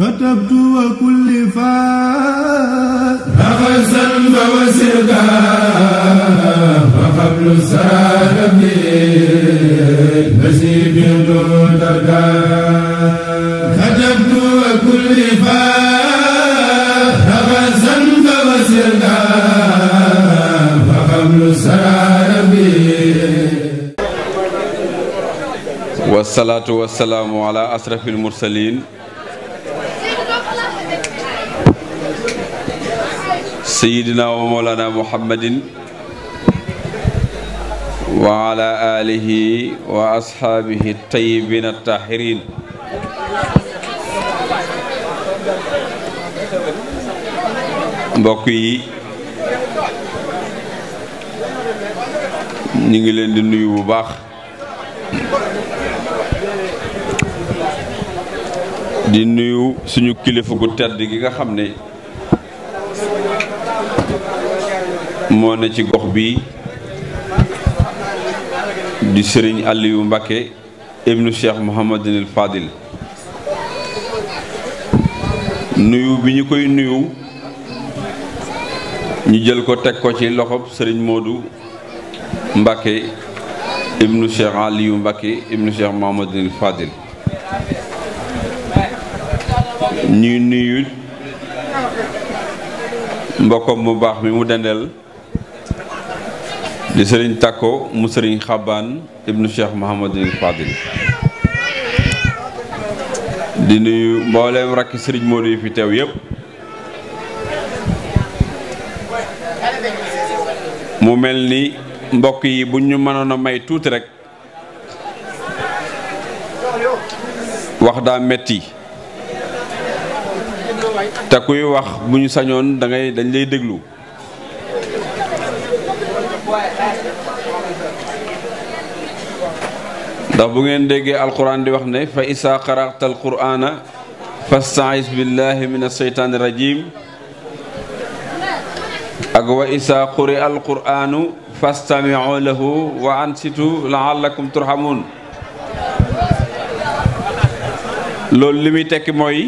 كتبت وكل فاء نفسا فوسركا وقبل سالم نسيب دركا كتبت وكل فاء نفسا فوسركا وقبل سالم والصلاة والسلام على أشرف المرسلين sayidina wa mawlana muhammadin wa ala alihi wa ashaabihi tayyibin attahirin mbokk yi ñu ngi leen di nuyu bu baax di nuyu suñu kilifa gu tedd gi nga xam ne moo ne ci gox bi di sëriñ Aliou Mbakke ibnu Cheikh Mouhamadinil Fadil nuyu bi ñu koy nuyu ñu jël ko teg ko ci loxob sëriñ Modou Mbakke ibnu Cheikh Aliou Mbakke ibnu Cheikh Mouhamadinil Fadil ñuy nuyu mbokkam mu baax mi mu dendeel di sëriñ Takko mu sëriñ xaban ibnu Cheikh Mouhamadul Fadil di nuyu mbooleem rakki sëriñ Modou yi fi teew yépp mu mel ni mbokk yi bu ñu mënoon a may tuuti rek wax daa metti te kuy wax bu ñu sañoon da dañ lay déglu ndax bu ngeen déggee alquran di wax ne fa isaa qara'ta alqurana fasta'iz billahi min asheytaani rajim ak wa isaa quri alquranu fastami'u lahu wa ansitu la'allakum turhamun loolu li muy tekki mooy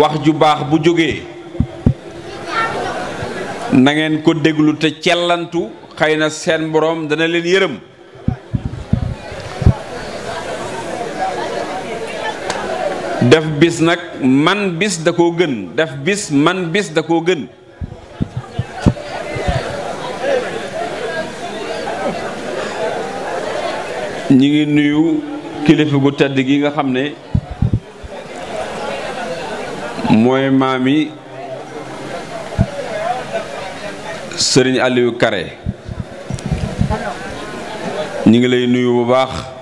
wax ju baax bu jógee nangeen ko déglu te cellantu xëy na seen boroom dana leen yërëm def bis nag man bis da koo gën def bis man bis da koo gën ñu ngi nuyu kilifa gu tedd gi nga xam ne mooy yi sëriñ Aliou Kare ñu ngi lay nuyu bu baax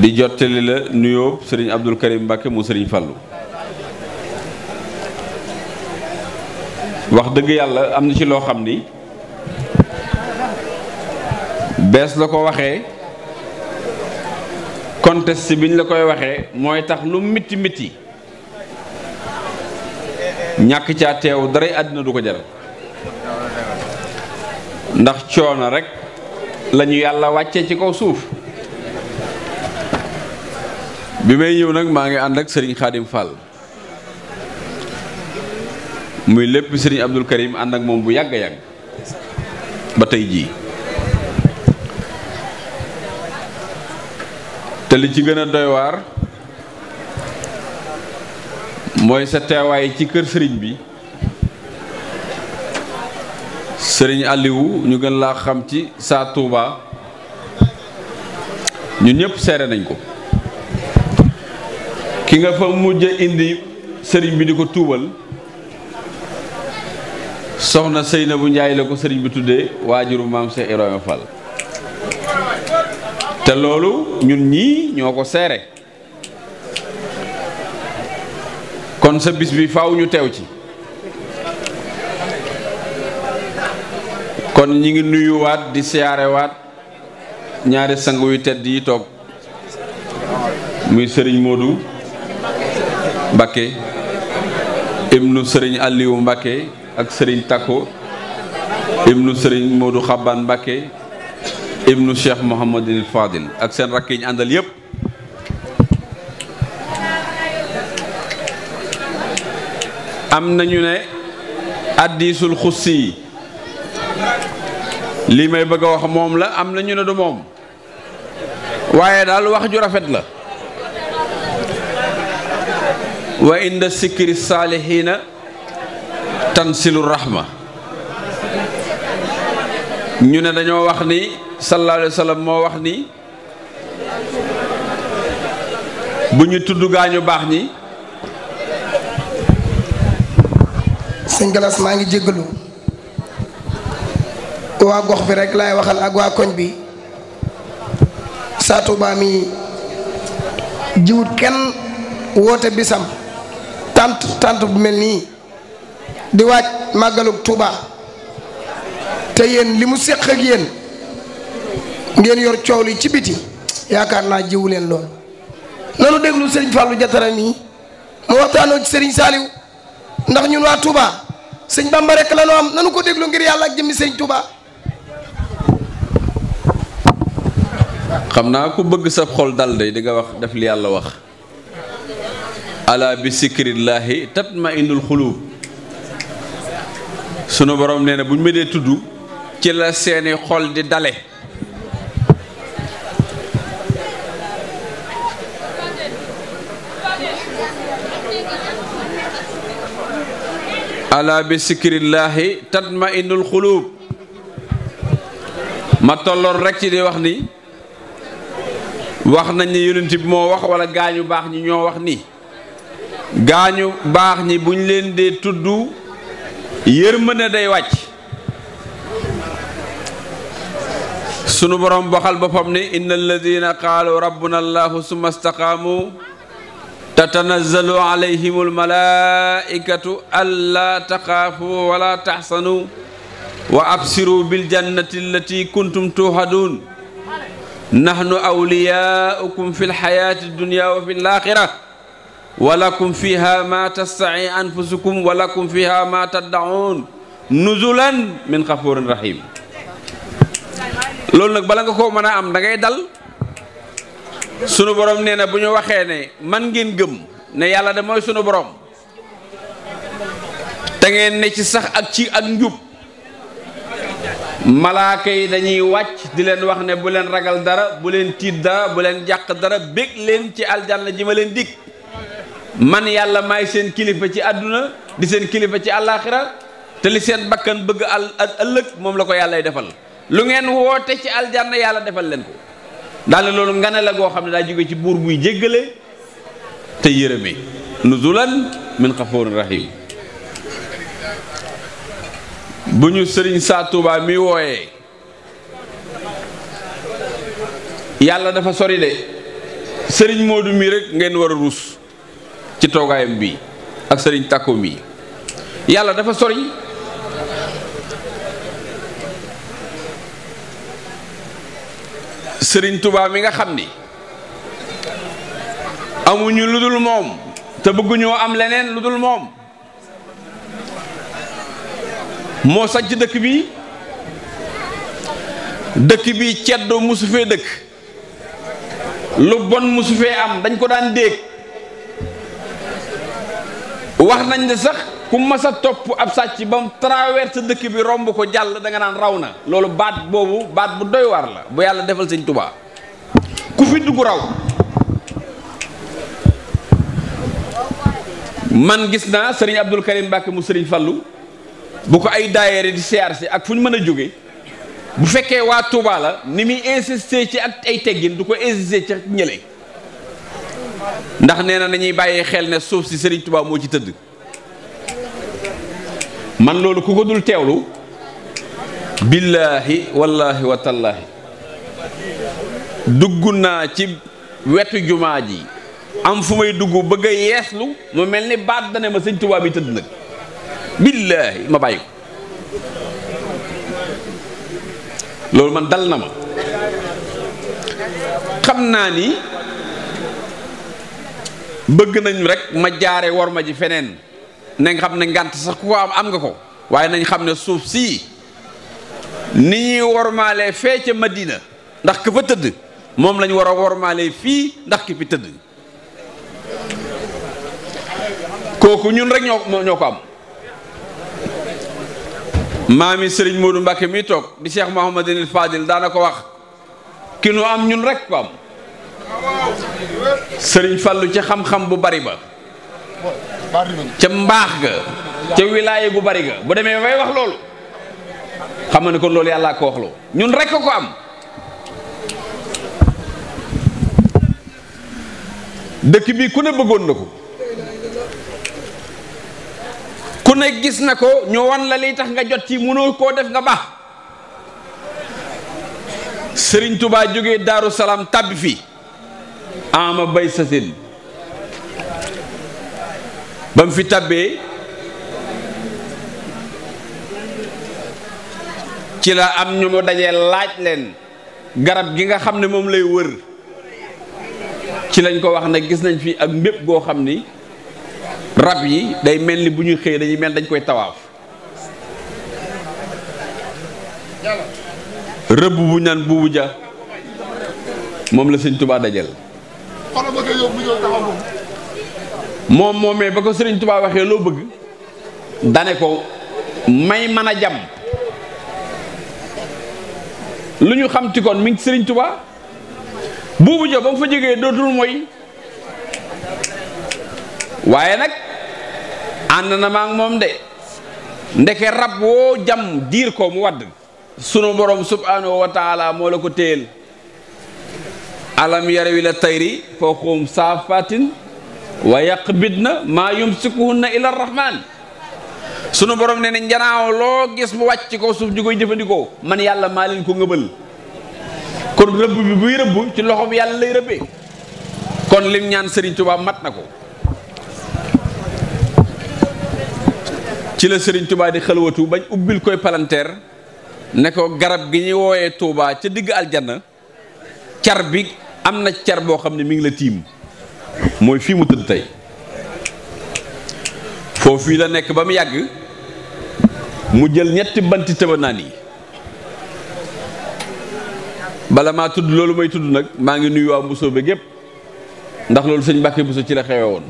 di jottali la nuyoo sëriñ Abdul Karim Mbàkke mu sëriñ Fàllu wax dëgg yàlla am na ci loo xam ni bees la ko waxee contexte biñ la koy waxee mooy tax lu mitti mitti ñàkk caa teew daray àddina du ko jar ndax coono rekk lañu yàlla wàccee ci kaw suuf bi may ñëw nag maa ngi ànd ak sëriñ Xaadim muy lépp sëriñ Abdul Karim ànd ak moom bu yàgg a yàgg ba tey jii te li ci gën a doy mooy sa teewaay ci kër sëriñ bi sëriñ Aliou ñu gën laa xam ci saa Touba ñun ñëpp seere nañ ko ki nga fa mujj indi sëriñ bi di ko tuubal soxna bu Njaay la ko sëriñ bi tuddee waajuru maam Cheikh Ibrahima Fall te loolu ñun ñii ñoo ko seere kon sa bis bi faw ñu teew ci kon ñi ngi nuyuwaat di siyaarewaat ñaari sang yu tedd yi toog muy sëriñ Modou Mbacke ibnu sëriñ Aliou Mbacke ak sëriñ takko ibnu sëriñ Modou Xaban Mbacke ibnu Cheikh Mouhamadinil Fadil ak seen rakk yi àndal yëpp. am nañu ne addisul xussi yi lii may bëgg a wax moom la am na ñu ne du moom waaye daal wax ju rafet la. wa inda sikri saalihiina tansilu rahma ñu ne dañoo wax ni sallallahu alayhi wa sallam moo wax ni bu ñu tudd gaañu baax ñi sëñ Galas maa ngi jéggalu waa gox bi rek laay waxal ak waa koñ bi Sa Touba mi jiwut kenn woote bisam tant tant bu mel nii di waaj màggalug Touba te yéen li mu séq ak yéen ngeen yor coow li ci biti yaakaar naa jiwu leen lool nanu déglu Serigne Fallou Diatara nii mu waxtaanoo ci Serigne Saliou ndax ñun waa Touba sëñ Bamba rek la ñu am nanu ko déglu ngir yàlla ak jëmmi Serigne Touba. xam naa ku bëgg sa xol dal day di nga wax def li yàlla wax. ala bi sikrillaahi tatma innul xuluub sunu borom nee na ma dee tudd ci la seeni xol di dale ala bi sikrillaahi tatma innul xuluub ma tolloon rekk ci di wax ni wax nañ ne yonent bi moo wax wala gaañu baax ñi ñoo wax nii gaañu baax ñi buñ leen dee tudd yërmande day wàcc sunu borom boxal boppam ni inna alladina qaalu rabbuna allahu summa staqaamu tatanazzalu alayhim almalaikatu alla taqaafu wala taxsanu wa absiru biljannati allati kuntum tuuhaduun nahnu awliyaukum fi lxayaati dunya wa fi laaxira walakum fiha ma tastahi anfusukum walakum fiha ma taddaun nuzulan min xafurin rahim loolu nag bala nga koo mën a am dangay dal sunu borom nee na bu ñu waxee ne man ngeen gëm ne yàlla de mooy sunu borom te ngeen ne ci sax ak ci ak njub malaaka yi dañuy wàcc di leen wax ne bu leen ragal dara bu leen tiit dara bu leen jàq dara bég leen ci aljanna ji ma leen dikk man yàlla maay seen kilifa ci àdduna di seen kilifa ci àllaaxira te li seen bakkan bëgg al ëllëg moom la ko yàllay defal lu ngeen woote ci aljanna yàlla defal leen ko daal loolu ngane la goo xam ne daa jóge ci buur buy jéggale te yërëme nuzulan min xafuurin rahim bu ñu sëriñ saa Tuubaa mi wooyee yàlla dafa sori de sëriñ Moodu mii rek ngeen war a ruus ci toogaayam bi ak sëriñ tàkko mi yàlla dafa sori sëriñ tubaab mi nga xam ni amuñu lu dul moom te bëgguñoo am leneen lu dul moom moo sanc dëkk bi dëkk bi ceddo musu fee dëkk lu bon musu fee am dañ ko daan dégg wax nañ ne sax ku mas a topp ab sàcc ba mu traverse dëkk bi romb ko jàll danga nga naan raw na loolu baat boobu baat bu doy waar la bu yàlla defal sëñ Tuubaa ku fi dugg raw man gis naa sëriñ Abdul Karim Mbàkke mu sëriñ Fallu bu ko ay daayere di siyaar si ak fu ñu mën a jóge bu fekkee waa Touba la ni muy insister ci ak ay teggin du ko insister ci ñële ndax nee na nañuy bàyyi xel ne suuf si Serigne Touba moo ci tëdd man loolu ku ko dul teewlu billaahi wallaahi wa dugg naa ci wetu jumaa ji am fu may dugg bëgg a yeeslu mu mel ni baat dane ma sëñ Touba mi tëdd nag billaahi ma bàyyi ko loolu man dal na ma xam naa ni bëgg nañu rek ma jaare war ma ji feneen na xam ne ngànt sax ku ko am am nga ko waaye nañ xam ne suuf sii ni ñuy wormaalee fee ca Madina ndax ki fa tëdd moom lañu war a wormaalee fii ndax ki tëdd kooku ñun rek ñoo ko am maami Serigne Modou Mbacke mi toog di Cheikh Mouhamadinil Fadil daana daanako wax ki nu am ñun rek ko am sëriñ Fallu ca xam-xam bu bari ba ca mbaax ga ca wilaaye gu bari ga bu demee bay wax loolu xam nga ne kon loolu yàllaa ko waxloo ñun rekk ko am dëkk bi ku ne bëggoon na ko ku ne gis na ko ñu wan la liy tax nga jot ci mënoo koo def nga baax sëriñ tubaa jóge Daaru Salaam tàbbi fii ama bay sasin ba mu fi tabbee ci la am ñu mu dajee laaj leen garab gi nga xam ne moom lay wër ci lañ ko wax ne gis nañ fi ak mbépp goo xam ni rab yi day mel ni bu ñuy xëy dañuy mel ni dañ koy tawaaf rëbb bu ñaan buubu ja moom la sëñ Tuubaa dajal xoolal ma koy yóbbu mu ñëw taxaw moom. moomee ba ko Serigne Touba waxee loo bëgg dane ko may mën a jàmm lu ñu xam ti kon mi ngi Serigne Touba buubu jo ba mu fa jógee dootul mooy waaye nag ànd na ma ak moom de ndeke rab woo jàmm diir ko mu wadd sunu borom subhanahu wa moo la ko téyel alam yaraw ila tayri fawqahum saafatin wa yaqbidna maa yumsikuhunna ila rahman sunu borom ne ne njanaaw loo gis mu wàcc ko suuf ñu koy jëfandikoo man yàlla maa leen ko ngëbal kon rëbb bi buy rëbb ci loxoom yàlla lay rëbbee kon lim ñaan Serigne Touba mat na ko ci la Serigne Touba di xalwatu bañ ubbil koy palanteer ne ko garab gi ñuy wooyee tuuba ca digg aljanna car bi am na car boo xam ne mu ngi la tiim mooy fii mu tëdd tey foofu la nekk ba mu yàgg mu jël ñetti banti tëbanaan yi bala maa tudd loolu may tudd nag maa ngi nuyu waa Mbusoo ba gépp ndax loolu sëñ Mbàkke sa ci la xewe woon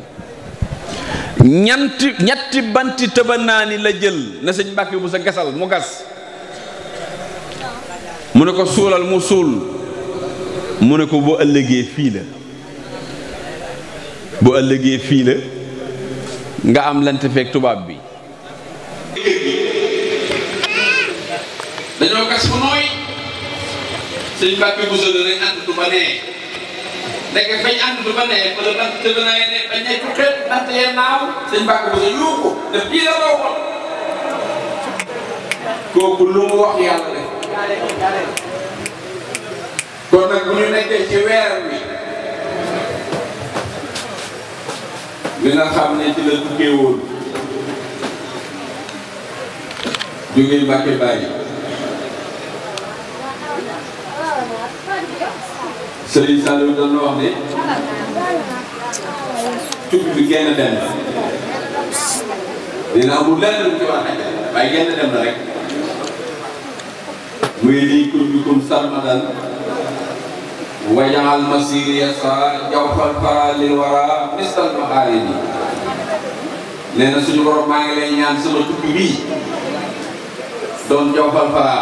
ñanti ñetti banti tëbanaani la jël na sëñ Mbàkke Buso gasal mu gas mu ne ko suulal mu suul mu ne ko boo ëllëgee fii la boo ëllëgee fii la nga am lante feeg tubaab bi dañoo kas fu nooy sëñ Mbàkke Buso la rek ànd du ba nee ndeke fañ ànd du ba nee wala bant tëbanaye ne bañ ne tuxeet bant yee naaw sëñ Mbàkke Buso yuuxu def kii la loo lu mu wax yàlla de kon nag bu ñu nekkee ci weer wi li xam ne ci la tukkee woon jóge Mbàkke Bari Sëriñ Saliou doon na bi genn dem la dina amul lenn lu ci wax rek muy lii comme comme sàmm wajaxal masiri yasa jawfal fara lil wara misal maxaari bi nee na suñu borom maa ngi lay ñaan sama tukki bii doon jawfal fara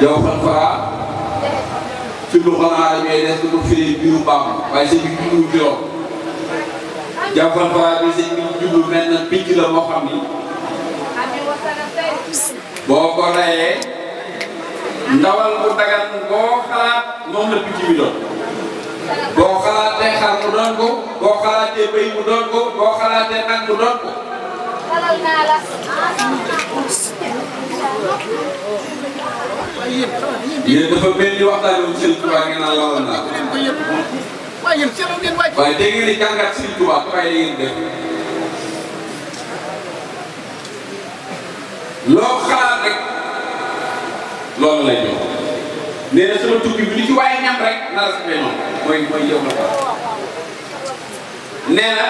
jawfal fara fi boo ko rayee ndawal bu dagal boo xalaat moom la picc mi doon boo xalaatee xar mu doon ko boo xalaatee béy mu doon ko boo xalaatee nag mu doon ko. yéen dafa mel ni waxtaan wu Sëriñ Tuubaa ngeen naan lawal naa ko. waaye dégg ngeen ni jàngat Sëriñ Tuubaa waaye da ngeen def. loo xalaat rek. loolu lay ñëw nee na tukki bi li ci waaye rek na la safee noonu mooy mooy yow la ko nee na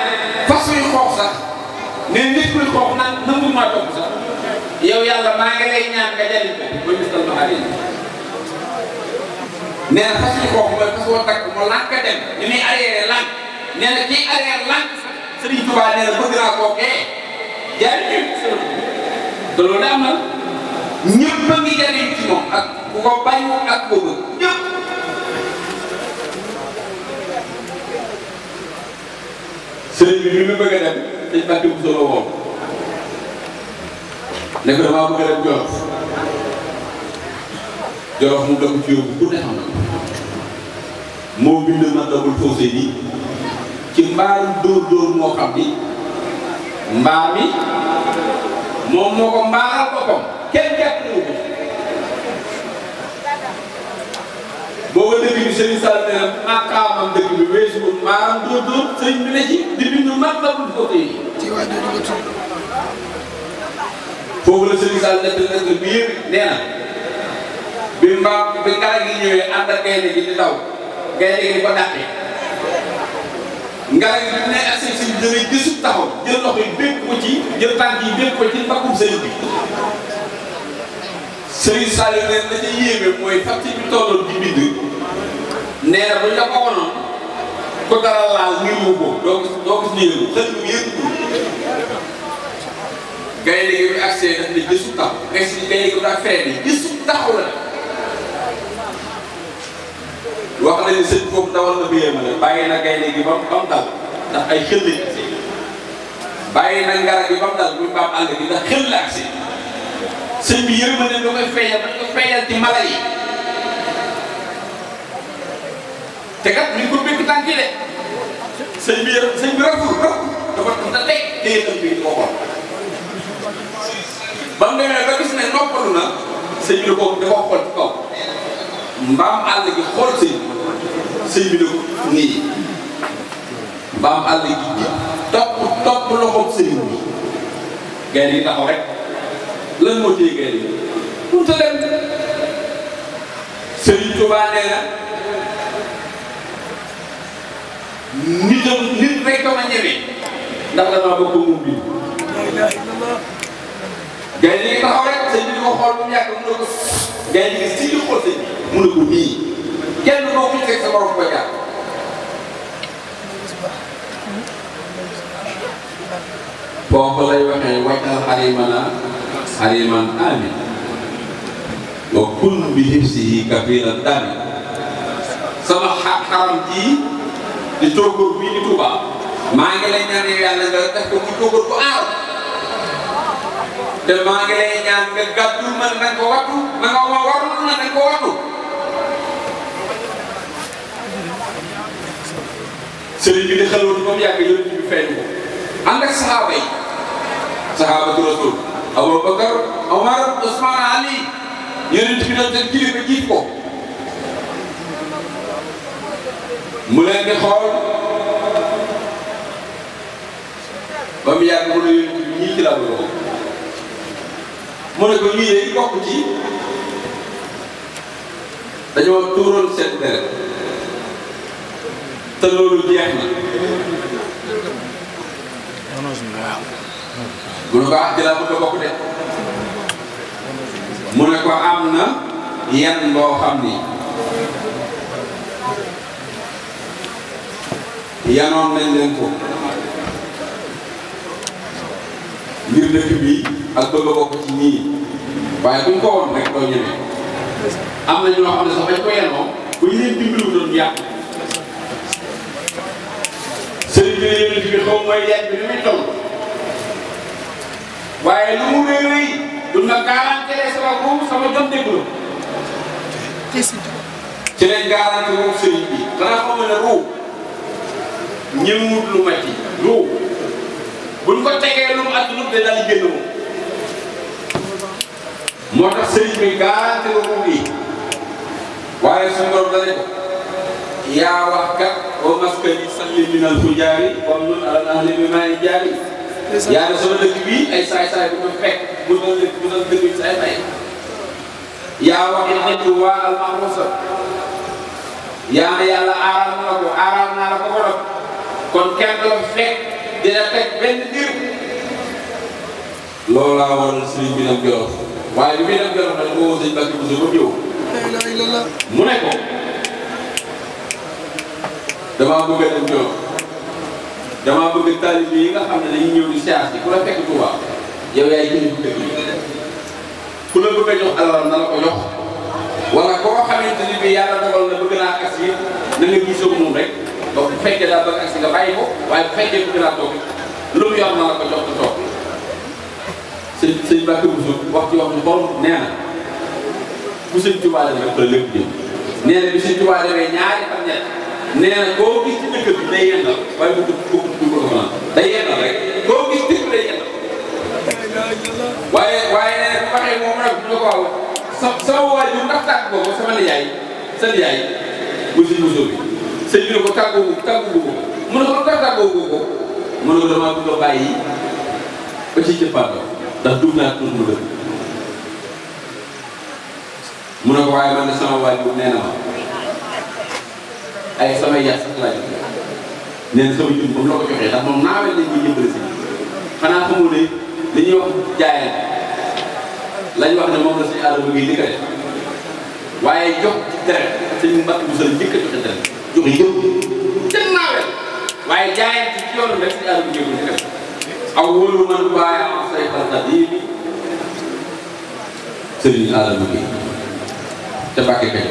fas yu xoox sax nee nit kuy xoox naan nangu maa topp maa ngi lay ñaan nga jëriñ ko ba misal ma xarit nee na fas mooy fas woo takk mu lànk dem ni muy arrière lànk nee na kii arrière lànk Sëriñ Tuubaa nee na bëgg naa koo kee jaay ñu te loolu am na ñëpp a ngi jëriñ ci moom ak ku ko bañ ak ku bëgg ñëpp. sëriñ bi li dem dañ bàtti bu solo woon ne ko damaa dem Jolof Jolof mu dog ci yóbbu ku ne xam na moo bind ma dogul foosé nii ci mbaaru dóor moo xam ni mbaa mi moom moo ko mbaaral boppam kenn jàpp wu ko booba dëkk bi na màkkaamam dëkk bi weesu ko mbaaram dóor dóor sëñ bi ne ci di bind mag la ko téye. foofu la Serigne Sall nekk nekk biir nee na bi mbaa bi garab yi ñëwee ànd ak gaynde gi di daw gaynde gi di ko da ngay gëstu taxaw jël loxo yi bépp ko ci jël tànk yi bépp ko ci mbàkkum sëriñ bi sëriñ Saliou neen la ca yéeme mooy facture bi tolloon di bind nee na buñ la ko ku dara laal ngiru ko doo ko doo ko si yëngu xëy na yëngu gaynde gi bi ne gëstu taxaw ngay si gaynde gi bi daa fee na bëyam gi ba mu ndax ay xel lañ ak seen bàyyi na ngarab yi muy mbaam àll bi ndax xel la ak seen sëñ bi yërmande da koy feeyal da koy feeyal ci mala yi te kat ñu ko békk tànk yi sëñ bi yër sëñ mu demee ba ne noppalu na sëñ bi da ko da ko xool ci xool sëñ bi sëñ bi da ko mbaam àll yi topp topp loxoom sëriñ bi gaynde yi taxaw rek lan moo téye gaynde yi pour te dem sëriñ Tuubaa nee na nitam nit rek ma ñeme ndax damaa bëgg moom bi gaynde yi taxaw rek sëriñ bi di ko xool bu mu yàgg mu ne ko gaynde yi si ñu xool sëriñ mu ne ko nii kenn koo ko teg sa borom ko jàpp foofu lay waxee wajal xarimana xariman amin wa kun bi hibsihi kafiran dami sama xaram ji di tóogóor bii di Tuuba maa ngi lay ñaan yàlla nga def ko mu tóogóor bu aar te maa ngi lay ñaan nga gàddu man na ko wattu na nga ma warul na nga ko wattu sëriñ bi di xelwatu ba mu yàgg yonent bi feeñ ko ànd ak saxaaba yi sahabatu rasul Abubakar Omar Ousmane Ali yonent bi doon seen kilifa jiit ko mu leen xool ba mu yàgg mu ne yonent bi ñii ci laa bëgg a mu ne ko ñii day bokk ci dañoo tuuroon seen deret te loolu jeex na. mu ne ko ah ci laa bëgg a bokk de am na yenn loo xam ni yanoon nañ leen ko ngir dëkk bi ak bëgg a bokk ci ñii waaye buñ ko woon rek doo ñemee am nañu loo xam ne sax bañ ko yenoo bu ñu leen dimbalu doon yàq sëriñ bi ne yéen mooy yaay bi ni muy waaye lu mu rëy rëy du na garanti sama góob sama jom déglu. ci lañ garanti moom sëriñ bi dana xamal ne ñëwut lu mati ruub buñ ko tegee lu mu at lu de daal di génn moom. moo tax sëriñ bi garanti la ruub yi waaye suñu borom dana yaa wax kat wa maskani salli min al fujaari wa mnun ala ahli bi maani jaari yaa ngi sama dëkk bii ay saay bu ma bu ma dëkk bu ma dëkk saay-saay yaa wax nit waa al mahrusa yaa ne yàlla aaral na la ko aaral naa la ko ko kon kenn doon fekk dina teg benn diir loolu laa waral sëriñ bi nag Jolof waaye bi muy dem Jolof nag moo woo sëñ mu ne ko damaa bëgg a dem Jolof damaa bëgg taalibe yi nga xam ne dañuy ñëw di siyaas yi ku la fekk Touba yow yaay jëlee bu dëkk ku la bëgg a jox alal na la ko jox wala koo xamante ni bi yàlla dogal na bëgg naa agsi na nga gisoo moom rek ba bu fekkee daa bëgg agsi nga bàyyi ko waaye bu fekkee bëgg naa toog lu mu yor na la ko jox te toog sëñ sëñ Mbacke Bousso wax ci wax bu bon nee bu sëñ Touba demee rek la lépp jëm nee bi sëñ Touba demee ñaari fan ñett nee koo gis ci dëkk waaye bu ko bu ko ko day yéenal rek koo gis dëgg day yéenal waaye waaye nee na waxee moom nag bu ñu ko waaw sa sama waa ji ndax tàgg ko ko sama nijaay sa nijaay bu si mosoo bi sëñ bi ne ko tàggoo tàggoo ko mu ne ko lu tax tàggoo ko mu ne ko damaa bëgg a bàyyi ba ci cëppaandoo ndax dugg naa tudd mu dëkk mu ne ko waaye man de sama waa ji nee na ma ay samay yàq laaj nee na sama jëm la ko joxee ndax moom naawee lañ koy jëmbale si xanaa li ñuy wax jaayal lañ wax ne moom la suñu aadama ngi li jox deret suñu mbàkk bu sal njëkk a joxe deret jox yëpp kenn naawee waaye jaayal ci yoon rek suñu aadama ngi li ko waaye am say xalaat yi sëriñ aadama bi te bàkke kañ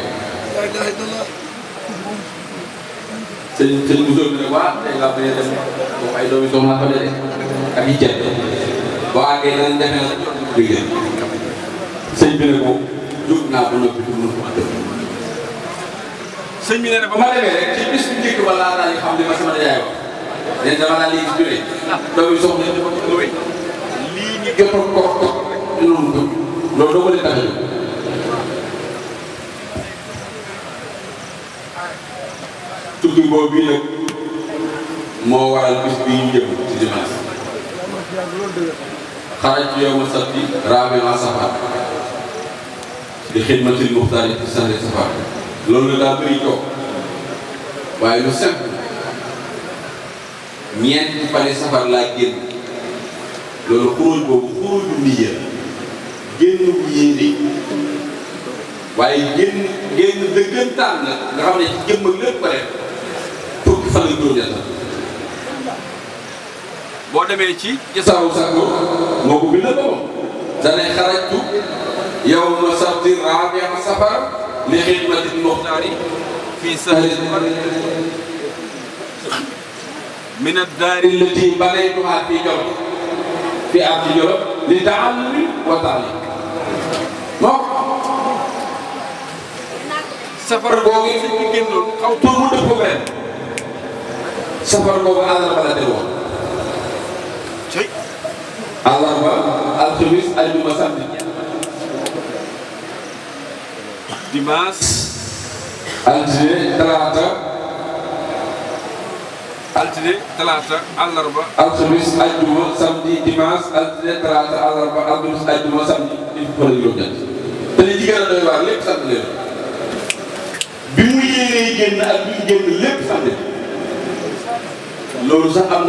sëñ sëñ Moussa bi nag waaw tey ngaa bañ a dem boobu ay doomi soxna ko dee ak i jënd boo àggee danañ defe na jóge sëñ bi ne ko jóg naa ba noppi pour mën ko ànd sëñ bi ne ba ma demee rek ci bis bu njëkk ba laa daal di xam li ma sama yaay wax nee dama daal di gis jógee doomi soxna dafa ko wéy lii ñu jot ko ko loolu doo ko leen tax jumbo bi nag moo waral bis bi ñu jëm ci dimanche xaraj yow ma sabti raame ma safar di xidmatil muxtaar yi sande safar loolu daa bëri toog waaye lu simple ñeenti fane safar laa génn loolu xuróoj boobu xuróoju niyya génn bu yéene waaye génn génn dëggantaan nag nga xam ci jëmm ak lépp ko fan yu juróom-ñett boo demee ci jasaawu sàkko moo ko bindal boppam danay xarajtu yow ma sabti rabia safar li xidmati muxtaari fii sahri min addaari lati banaytuhaa fii jolof fii ardi jolof li taallumi wa taalim moo safar boo ngi fi ñu génnoon xaw tur mu dëpp benn safar boobu àllarba la dem woon àllarba alxamis àjjuma samedi dimanche altine talaata altine talaata àllarba alxamis àjjuma samedi dimanche altine talaata àllarba alxamis àjjuma samedi di fukk ak juróom-ñett te li ci gën a doy waar lépp sant leen bi mu yéenee génn ak bi mu génn lépp sant leen loolu sax am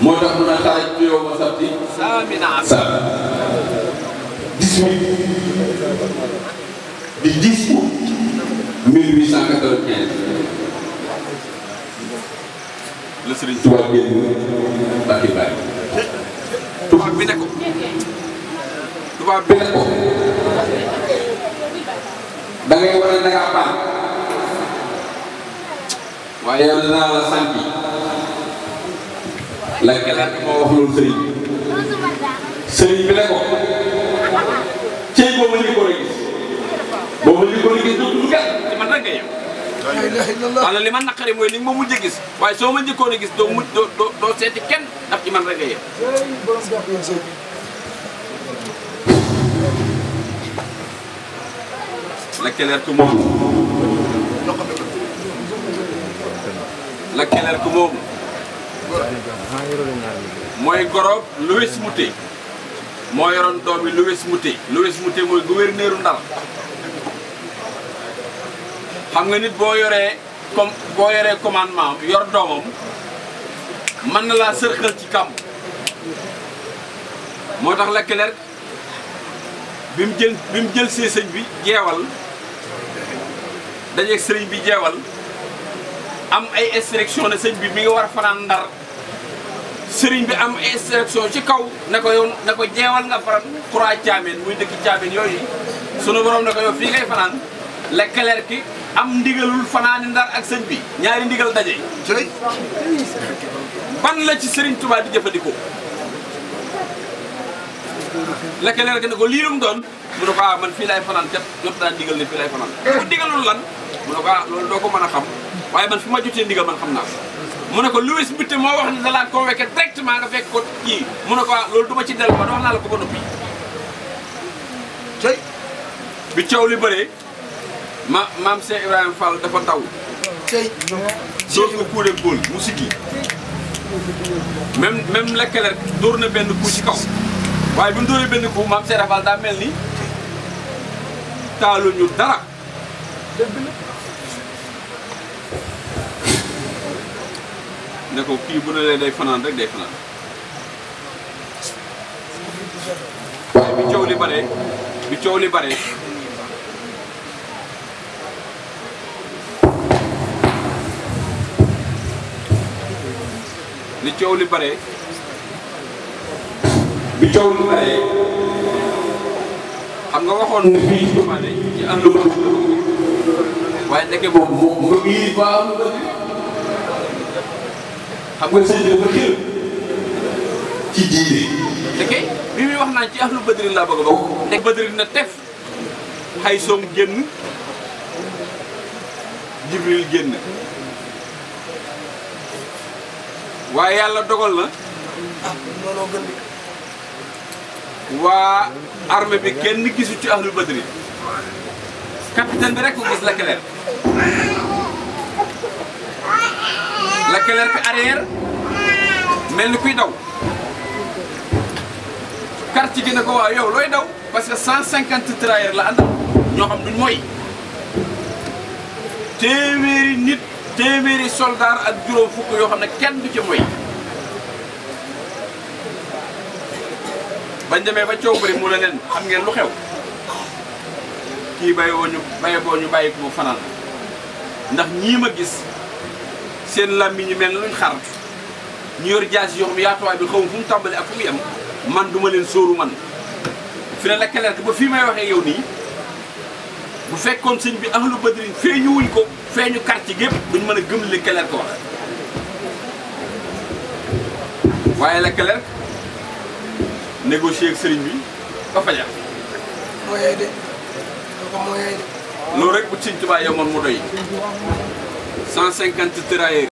moo tax mun a xaaraj bu yow ma sabti sa dix-huit di dix août mille huit cent quatre vingt la Sëriñ Tuubaa génn Mbàkke Baay tubaab bi ne ko bi ne ko da ngay war a da ngaa baax waaye yow danaa la sant la keneen moo wax loolu sëriñ bi sëriñ bi ne boo ma njëkkoon a gis boo ma njëkkoon a gis dugg ci man rek nga yem wala gis waaye ma ci man rek la keneen ku la kelerku moomu mooy Gorob Louis Mouté moo yoroon doomi Louis Mouté Louis Mouté mooy gouverneuru Ndar xam nga nit boo yoree comme boo yoree commandement yor doomam mën na laa sërxal ci kàmb moo tax la keler bi mu jël bi mu jël see bi jeewal dajeeg sëriñ bi jeewal am ay instruction ne sëñ bi mi ngi war a fanaan ndar sëriñ bi am instruction ci kaw ne ko yow ne ko jeewal nga faral trois caameen muy dëkk caameen yooyu sunu borom ne ko yow fii ngay fanaan le clerc ki am ndigalul fanaani ndar ak sëñ bi ñaari ndigal daje ban la ci sëriñ Tuubaa di jëfandikoo le clerc ki ne ko lii lu mu doon mu ne ko ah fii lay fanaan kat jot naa ndigal ne fii lay fanaan bu ndigalul lan mu ne ko ah loolu doo ko mën a xam waaye man fi ma jotee ndigal man xam naa ko mu ne ko Louis Mbite moo wax ne da laa convoqué directement nga fekk ko kii mu ne ko loolu du ma ci dellu ba wax naa la ko ba noppi tey bi coow li bëree maam Cheikh Ibrahima dafa taw tey dóor ko coup de boule mu siggi même même Leclerc dóor na benn coup ci kaw waaye bi mu dóoree benn coup maam Cheikh Fall daa mel ni taaluñu dara ne ko bu ne leen day fanaan rek day fanaan bi coow li bare bi coow li bare li li bare xam nga waxoon fii waaye ndeke boobu moom mu xam nga sëñ bi dafa teel ci diine. bi muy wax naan ci ahlu badrin laa bëgg a bokk. te badrin na tef xay soom génn jibril génn waaye yàlla dogal na waa armée bi kenn gisu ci ahlu badrin capitaine bi rek ko gis la keneen. Leclerc arrière mel ni kuy daw quartier gi ne ko waaw yow looy daw parce que 150 tirailleurs la àndal ñoo xam duñ mooy téeméeri nit téeméeri soldat ak juróom fukk yoo xam ne kenn du ci mooy bañ demee ba coow bëri mu ne leen xam ngeen lu xew kii bayoo ñu bayoo boo ñu bàyyi ko mu fanaan ndax ñii ma gis seen làmmiñ ñu mel luñ xar ñu yor jaas yoo xam yaatuwaay bi xaw fu mu tàmbali ak fu mu yem man duma leen sóoru man fi ne la keleer ba fii may waxee yow nii bu fekkoon sëñ bi ahlu lu feeñu wuñ ko feeñu quartier gépp duñ mën a gëm li keleer ko wax waaye la keleer négocier ak sëriñ bi ba fajar mooy de loolu rek bu sëñ Tuubaa yow man mu doy 150 tirailleurs